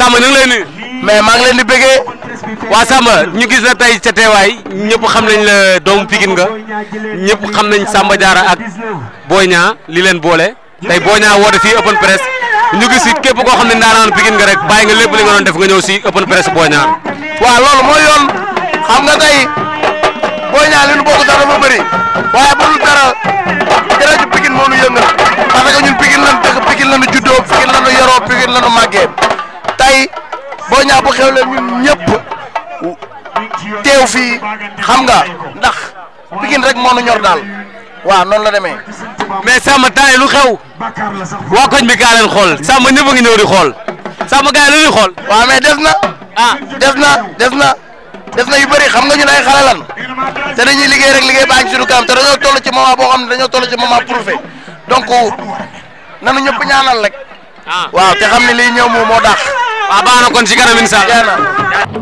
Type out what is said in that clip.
Sama ñu ngi lay nuyu. mais ma ngi leen di bëggé wa sama ñu gis na tay ci téway ñëpp xam nañ la doom pigine nga ñëpp xam nañ Samba jaara ak li leen bolé tay open press ñu gis ci képp ko xamni ne ndaanaan Pikine nga rek bay nga lepp li nga doon def nga ñëw ci open press Boy wa waaw loolu mooy yoon xam nga tay Boy li ñu bokk dara dafa bari waaye bu dul dara ci pigine mo ñu yëngal parce que ñun pigine lañu pigine lañu juddo pigine lañu yoro pigine lañu tey boo ñaa bu xewle ñun ñëpp teew fii xam nga ndax Pikine rek moo nu ñor daal waaw noonu la demee. mais sama taay lu xew waa koñ bi kaa leen xool sama ñëpp a ngi ñëw di xool sama gars yi lu ñuy xool. waaw mais des na ah des na des na des na yu bëri xam nga ñun ay xale lan te dañuy liggéey rek liggéey baa ngi suñu kanam te dañoo toll ci moment boo xam ne dañoo toll ci moment prouvé donc nanu ñëpp ñaanal rek. Ah. waaw te xam ne lii ñëw moom moo dàq. waaw baax na kon si kanam incha allah